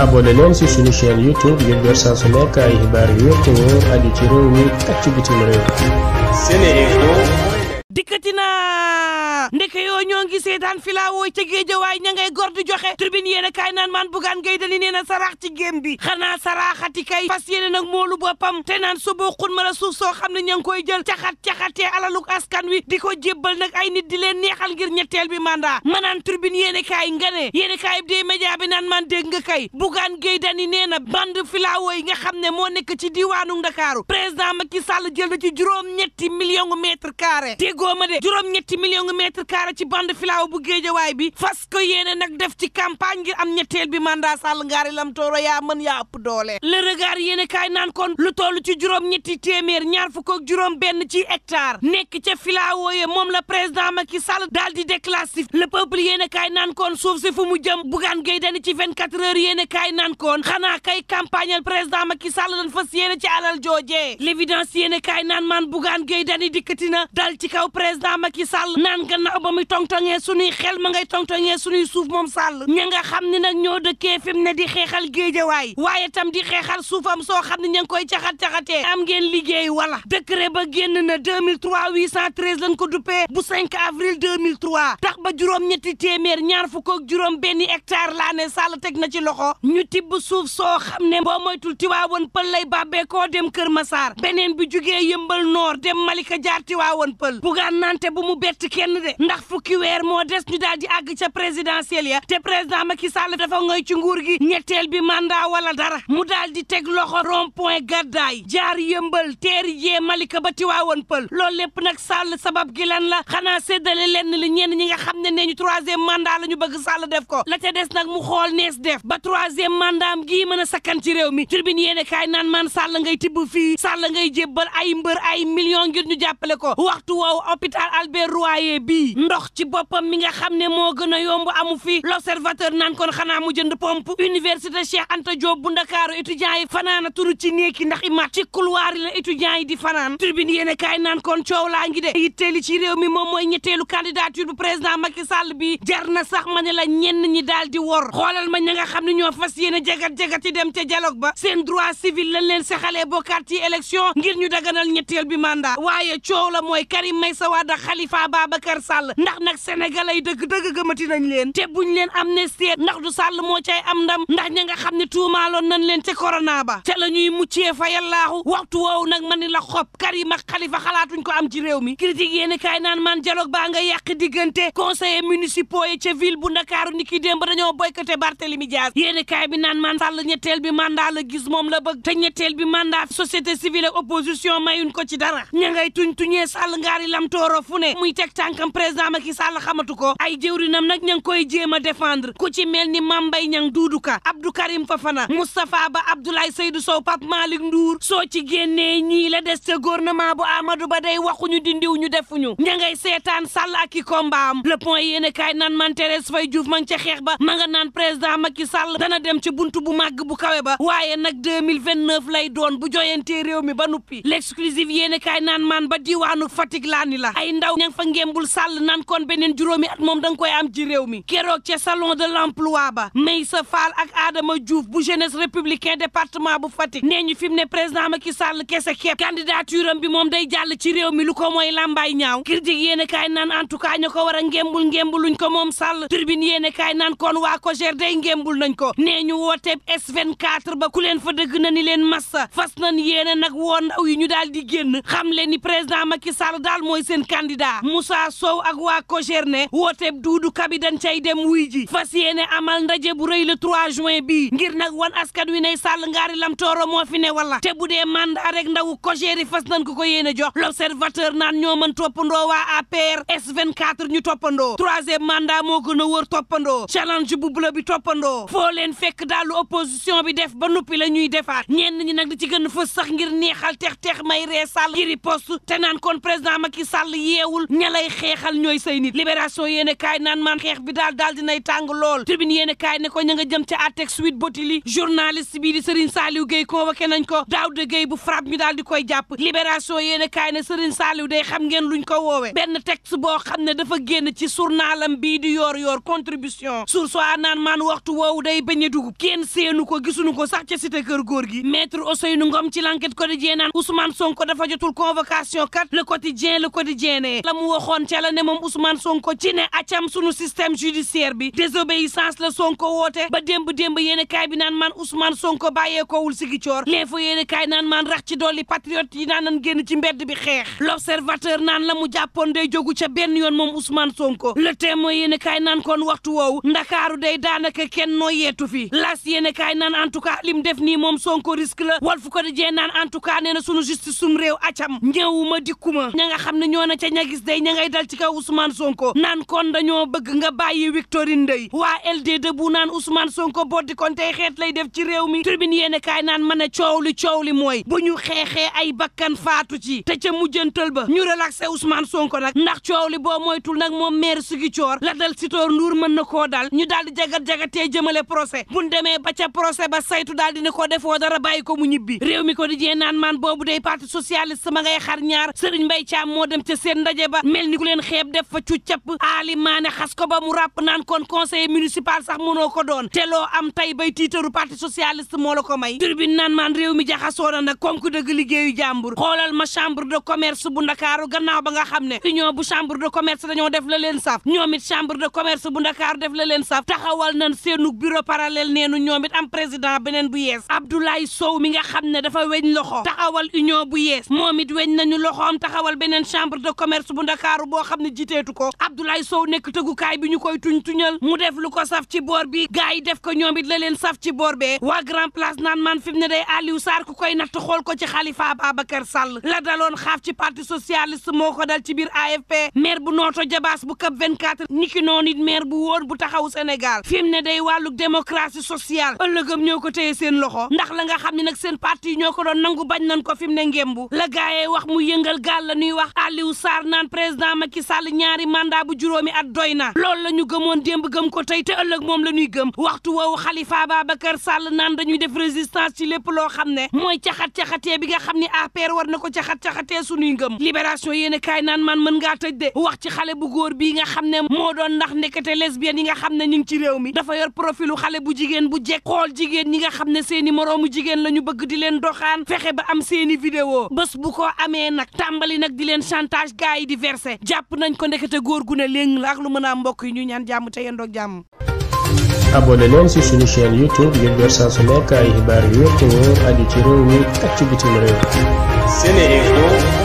abonné leen ci suñu chaîne YouTube ngir door saa ay xibaar yu wér te wóor aju ci réew mi ak ci dikkati na ndeke yoo ñoo ngi seetaan filaawooy ca géejawaay ña ngay gor di joxe tribune yéen a kaay naan maan bugaan ngay dani nee na saraax ci géem bi xanaa saraaxati kay fas yéene nag moolu boppam te naan suboo xun ma la soo xam ne ña ngi koy jël caxat-caxatee alaluk askan wi di ko jébbal nag ay nit di leen neexal ngir ñetteel bi mandat manaan tribune yéen a kaay nga ne yéen a kaay bi dee média bi naan maan dégg nga kay bugaan ngay dani nee na band filaawooy nga xam ne moo nekk ci diiwaanu ndakaaru président Macky Sall jël ci juróom ñetti million mètre déggoo ma de juróom-ñetti million ngu mètre carré ci bande filaaw bu géejawaay bi fas ko nag def ci campagne ngir am ñetteel bi mandat Sall ngaari lam tooro yaa mën yaa ëpp doole le regard yéene kaay naan kon lu toll ci juróom-ñetti téeméer ñaar fukk ak juróom benn ci hectare nekk ca filaawoo ye moom la président Macky Sall daal di déclassif le peuple yéene kaay naan kon suuf si fu mu jëm bugaan géy dani ci 24 heures yéene kaay naan kon xanaa kay campagnal président Macky Sall dañ fas yéene ci alal joojee l'évidence yéene kaay naan maan bugaan géy kaw président Macky sàll naan gannaaw ba muy tongtongee suñuy xel ma ngay tongtongee suñuy suuf moom sàll ña nga xam ni nag ñoo dëkkee fi mu ne di xeexal géejawaay waaye tam di xeexal suufam soo xam ne ña ngi koy caxat-caxatee am ngeen liggéey wala décret ba génn na 2003 813 lañ ko duppee bu 5 avril 2003 tax ba juróom-ñetti téeméer ñaar fukk ak juróom benn hectare laa ne Sall teg na ci loxo ñu tibb suuf soo xam ne boo moytul Tiwaawoon pël lay bàbbee dem Kër Masaar beneen bi jugee yëmbal noor dem Malika jaar Tiwaawoon bugaan nante bu mu bett kenn de ndax fukki weer moo des ñu daal di àgg ca présidentielle ya te président Macky Sall defa ngay ci nguur gi ñetteel bi manda wala dara mu daal di teg loxo rond point gaddaay jaar yëmbal teeri jee malika ba tiwaawoon pël loolu lépp nag Sall sabab gi lan la xanaa séddale lenn li ñenn ñi nga xam ne nee ñu troisième mandat la ñu bëgg Sall def ko la ca des nag mu xool nees def ba troisième mandat am gii mën a sakkan ci réew mi tribune yéene kaay naan man Sall ngay tibb fii Sall ngay jébbal ay mbër ay million ngir ñu jàppale ko hôpital Albert Royer bii ndox ci boppam mi nga xam ne moo gën a yomb amu fi l'observateur naan kon xanaa mu jënd pompe université Cheikh Anta Diop bu Ndakaaru étudiants yi fanaana turu ci néeki ndax i mat ci couloir yi la étudiants yi di fanaan tribune yéen a kaay naan kon coow laa ngi de yitteeli ci réew mi moom mooy ñetteelu candidature bu président Macky Sall bi jar na sax ma ne la ñenn ñi daal di wor xoolal ma ña nga xam ne ñoo fas yéene jagat-jagati dem ca dialogue ba seen droit civil lañ leen saxalee bokkaat ci élection ngir ñu daganal ñetteel bi mandat waaye coow la mooy Idrissa Wade Khalifa Babacar Sall ndax nag sénégalais dëgg-dëgg gëmati nañ leen te buñ leen amnistie ndax du Sall moo cay am ndam ndax ña nga xam ne tuumaaloon nañ leen ci corona ba te la ñuy muccee fa yàllaahu waxtu woowu nag ma ni la xob Karim ak Khalifa xalaatuñ ko am ci réew mi critique yéen kaay naan man dialogue baa nga yàq diggante conseillers municipaux yi ca ville bu Ndakaaru ni ki démb dañoo boycotté Barthélemy Diaz yéen kaay bi naan man Sall ñetteel bi mandat la gis moom la bëgg te ñetteel bi mandat société civile ak opposition mayuñ ko ci dara ña ngay tuñ tuñee Sall ngaari lam tóoro fu ne muy teg tànkam président Macky Sall xamatu ko ay jëwrinam nag ña ngi koy jéem a défendre ku ci mel ni Mame Mbaye Niang Doudou Ka Abdou Karim Fofana Moustapha Ba Abdoulaye Seydou Sow Pape Malick nduur soo ci génnee ñii la des ca gouvernement bu Amadou Ba day waxuñu ñu defuñu ña ngay seetaan Sall ak i combat am le point yéene kaay naan man Thérèse Faye Diouf ma ngi ca xeex ba ma nga naan président Macky Sall dana dem ci bunt bu màgg bu kawe ba waaye nag 2029 lay doon bu joyantee réew mi ba nuppi l'exclusive yéene naan man ba diwaanu Fatick laa la ay ndaw ña fa ngembul sàll naan kon beneen juróomi at moom da nga koy am ci réew mi keroog ca salon de l'emploi ba Meïssa Fall ak Adama Diouf bu jeunesse républicain département bu Fatick nee ñu fi mu ne président Macky Sall kese kepp candidature am bi moom day jàll ci réew mi lu ko mooy làmbaay ñaaw critique yéen a kaay naan en tout cas ña ko war a ngembul ngembuluñ ko moom Sall tribune yéen a kaay naan kon waa COJER day ngembul nañ ko nee ñu wooteeb S24 ba ku leen fa dëgg na ni leen massa fas nañ yéen a nag woo ndaw yi ñu daal di génn xam leen ni président Macky Sall daal mooy seen candidat Moussa Sow ak waa Koger ne wooteeb Duudu Ka bi dañ cay dem wuy ji fas yéene amal ndaje bu rëy le 3 juin bii ngir nag wan askan wi ne Sall ngaari lam tooro moo fi ne wala te bu dee mandat rek ndaw Koger yi fas nañ ko ko yéene jox l'observateur naan ñoo mën toppandoo waa APR S24 ñu toppandoo troisième mandat moo gën a wër toppandoo challenge bu bula bi toppandoo foo leen fekk daalu opposition bi def ba noppi la ñuy defaat ñenn ñi nag di ci gën a sax ngir neexal tex tex may ree Sall yeewul ña lay xeexal ñooy say nit libération yéene kaay naan maan xeex bi daal daal dinay tàng lool tribune yéene kaay ne ko ña nga jëm ci àtteeg suite botili journaliste bii di Serigne Saliou Gueye convoqué nañ ko Daouda Gueye bu frappe ñu daal di koy jàpp libération yéene kaay ne Serigne Saliou day xam ngeen luñ ko woowee benn texte boo xam ne dafa génn ci journalam bii di yoor yoor contribution sur soit naan maan waxtu woowu day bañ dugub kenn seenu ko gisuñu ko sax ca cité kër góor gi maître Ousseynou Ngom ci l'enquête quotidien naan Ousmane Sonko dafa jotul convocation kat le quotidien quotidien ne la mu waxoon ca la ne moom Ousmane Sonko ci ne acam sunu système judiciaire bi désobéissance la Sonko woote ba démb démb yéen kaay bi naan man Ousmane Sonko bàyyeekoowul Sigicoor l'info yéen kaay naan man rax ci dolli patriote yi naan nan génn ci mbedd bi xeex l'observateur naan la mu jàppoon day jógu ca benn yoon moom Ousmane Sonko le témoin yéen kaay naan kon waxtu woowu ndakaaru day daanaka kenn noo yeetu fi las yéen kaay naan en tout cas lim def nii moom Sonko risque la Walf Quotidien naan en tout cas nee na sunu justice sum réew acam ñëwuma dikkuma ña nga xam ne ñoo na ca ñagis day ña ngay dal ci kaw Ousmane Sonko naan kon dañoo bëgg nga bàyyi Victorine Ndeye waa LD Debout naan Ousmane Sonko boddi kon tey xeet lay def ci réew mi tribune yéen kaay naan mën a coow li coow li mooy bu ñu xeexee ay bakkan faatu ci te ca mujjantal ba ñu relaxé Ousmane Sonko nag ndax coow li boo moytul nag moom maire sugi coor la dal Sitor Ndour mën na koo dal ñu daal di jagat-jagatee jagat jëmale procès buñ demee ba ca prose ba saytu daal di ne ko defoo dara bàyyi ko mu ñibbi ko di jee naan maan boobu day parti socialiste ma ngay xar ñaar Serigne Mbaye Thiam moo dem leen ca seen ndaje ba mel ni ku leen xeeb def fa cu capp maane xas ko ba mu ràpp naan kon conseiller municipal sax mënoo ko doon te loo am tey bay tiitaru parti socialiste moo la ko may tribune naan maan réew mi jaxasoo na nag konku dëgg liggéeyu jàmbur xoolal ma chambre de commerce bu ndakaaru gannaaw ba nga xam ne union bu chambre de commerce dañoo def la leen saf ñoom it chambre de commerce bu ndakaaru def la leen saf taxawal nan seenu bureau parallèle neenu ñoom it am président beneen bu yees Abdoulaye Sow mi nga xam ne dafa weñ loxo taxawal union bu yees moom it weñ nañu chambre commerce bu ndakaaru boo xam ne jiteetu ko Abdoulaye Sow nekk tëggukaay bi ñu koy tuñ tuñal mu def lu ko saf ci boor bi gars yi def ko ñoom it la leen saf ci boor bee waa grand place naan man fi mu ne day Aliou Sarr ku koy natt xool ko ci Khalifa Ababacar Sall la daloon xaaf ci parti socialiste moo ko dal ci biir AFP maire bu nooto jabaas bu cap 24 niki noonu it maire bu woon bu taxaw senegal fi ne day wàllu démocratie sociale ëllëgëm ñëw ko téye seen loxo ndax la nga xam ne nag seen parti ñoo ko doon nangu bañ nañ ko fi mu ne ngémbu la wax mu yëngal gaal la ñuy wax Aliou Sarr naan président Macky Sall ñaari mandat bu juróomi at doy loolu la ñu gëmoon démb gëm ko tey te ëllëg moom la ñuy gëm waxtu woowu Khalifa Babacar Sall naan dañuy def résistance ci lépp loo xam ne mooy caxat-caxatee bi nga xam ne APR war na ko caxat-caxatee suñuy ngëm libération yéen kaay naan man mën ngaa tëj de wax ci xale bu góor bi nga xam ne moo doon ndax ndekete lesbienne yi nga xam ne ñu ngi ci réew mi dafa yor profilu xale bu jigéen bu jekk xool jigéen ñi nga xam ne seeni moroomu jigéen la ñu bëgg di leen doxaan fexe ba am seeni vidéo bés bu ko ame nag tàmbali nag di leen pourcentage gars yi di verse jàpp nañ ko ndekete góor gu ne leen la lu mën a mbokk yi ñuy ñaan jàmm te yendoog jàmm. abonné leen ci suñu chaîne youtube ngir jot su nekk xibaar yu wér te wóor aju ci réew mi ak ci bitim réew.